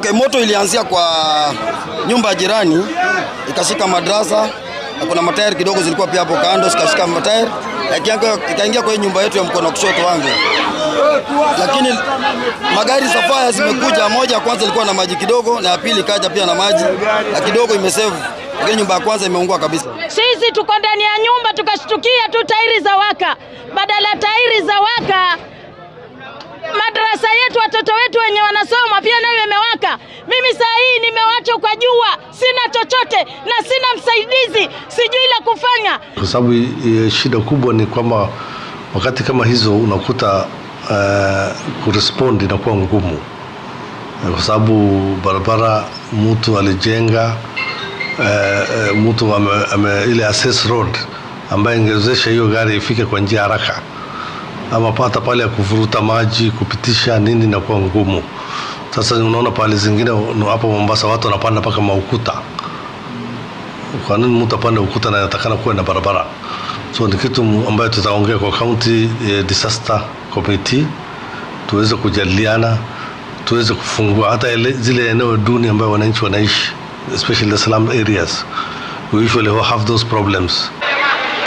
Okay, moto ilianzia kwa nyumba ya jirani ikashika madrasa na kuna matairi kidogo zilikuwa pia hapo kando zikashika matairi ikaingia kwa nyumba yetu ya mkono wa kushoto wangu, lakini magari safari zimekuja. Moja ya kwanza ilikuwa na maji kidogo, na ya pili ikaja pia na maji na kidogo imesave, lakini nyumba ya kwanza imeungua kabisa. Sisi tuko ndani ya nyumba tukashtukia tu tairi za waka, badala tairi za waka madrasa yetu watoto wetu wenye wanasoma pia nayo chochote na sina msaidizi, sijui la kufanya. Kwa sababu eh, shida kubwa ni kwamba wakati kama hizo unakuta uh, kurespondi inakuwa ngumu, eh, kwa sababu barabara mtu alijenga mtu ame, ame, ile access road ambayo ingewezesha hiyo gari ifike kwa njia haraka, ama pata pale ya kuvuruta maji kupitisha nini inakuwa ngumu. Sasa unaona pale zingine hapo Mombasa watu wanapanda mpaka maukuta nini mtu apande ukuta anatakana kuwe na barabara. So ni kitu ambayo tutaongea kwa county eh, disaster committee, tuweze kujadiliana, tuweze kufungua hata ele, zile eneo duni ambayo wananchi wanaishi especially the slum areas we usually have those problems.